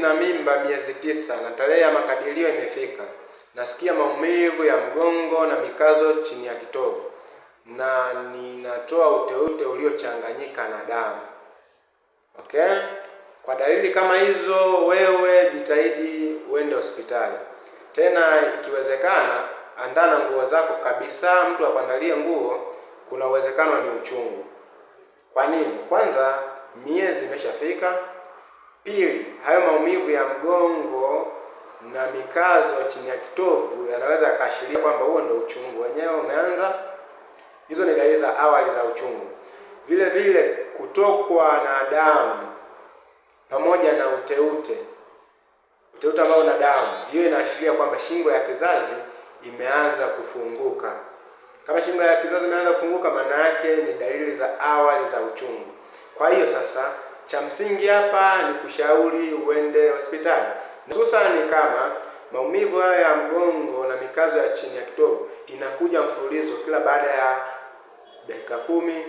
na mimba miezi tisa na tarehe ya makadirio imefika. Nasikia maumivu ya mgongo na mikazo chini ya kitovu na ninatoa uteute uliochanganyika na damu. Okay? Kwa dalili kama hizo, wewe jitahidi uende hospitali. Tena ikiwezekana, andana nguo zako kabisa, mtu akuandalie nguo. Kuna uwezekano ni uchungu. Kwa nini? Kwanza miezi imeshafika. Pili, hayo maumivu ya mgongo na mikazo chini ya kitovu yanaweza yakaashiria kwamba huo ndio uchungu wenyewe umeanza. Hizo ni dalili za awali za uchungu. Vile vile kutokwa na damu pamoja na uteute, uteute ambao una damu, hiyo inaashiria kwamba shingo ya kizazi imeanza kufunguka. Kama shingo ya kizazi imeanza kufunguka, maana yake ni dalili za awali za uchungu. Kwa hiyo sasa cha msingi hapa ni kushauri uende hospitali, hususani kama maumivu haya ya mgongo na mikazo ya chini ya kitovu inakuja mfululizo kila baada ya dakika kumi,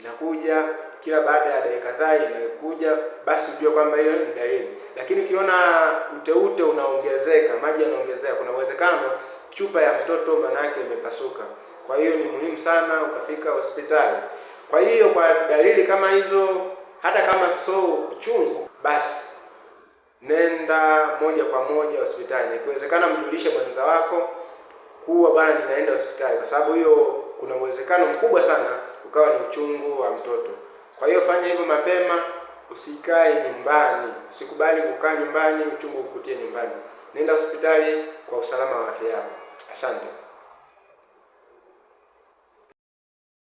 inakuja kila baada ya dakika kadhaa inakuja, basi ujue kwamba hiyo ni dalili. Lakini ukiona uteute unaongezeka, maji yanaongezeka, kuna uwezekano chupa ya mtoto manake imepasuka. Kwa hiyo ni muhimu sana ukafika hospitali. Kwa hiyo kwa dalili kama hizo hata kama so uchungu, basi nenda moja kwa moja hospitali, na ikiwezekana mjulishe mwenza wako kuwa bwana, ninaenda hospitali, kwa sababu hiyo kuna uwezekano mkubwa sana ukawa ni uchungu wa mtoto. Kwa hiyo fanya hivyo mapema, usikae nyumbani, usikubali kukaa nyumbani uchungu ukutie nyumbani. Nenda hospitali kwa usalama wa afya yako. Asante.